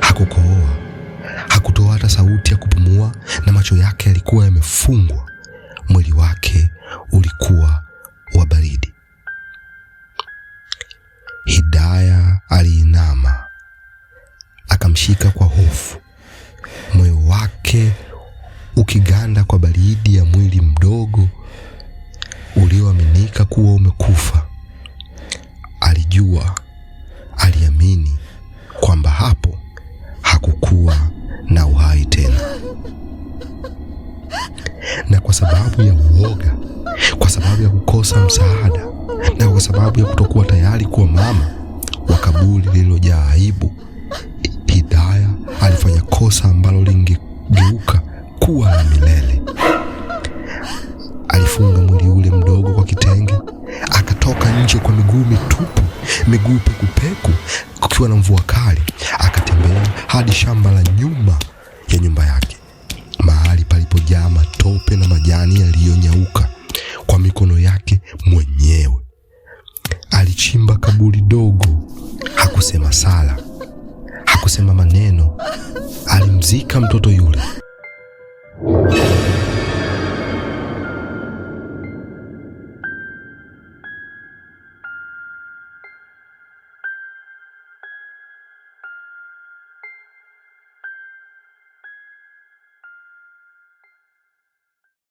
Hakukohoa, hakutoa hata sauti ya kupumua, na macho yake yalikuwa yamefungwa. Mwili wake ulikuwa wa baridi. Hidaya aliinama akamshika kwa hofu, moyo wake ukiganda kwa baridi ya mwili mdogo ulioaminika kuwa ume kwa sababu ya uoga, kwa sababu ya kukosa msaada na kwa sababu ya kutokuwa tayari kuwa mama wa kaburi lililojaa aibu. Hidaya alifanya kosa ambalo lingegeuka kuwa la milele. Alifunga mwili ule mdogo kwa kitenge, akatoka nje kwa miguu mitupu, miguu pekupeku, kukiwa na mvua kali, akatembea hadi shamba la nyuma kaburi dogo. Hakusema sala, hakusema maneno, alimzika mtoto yule.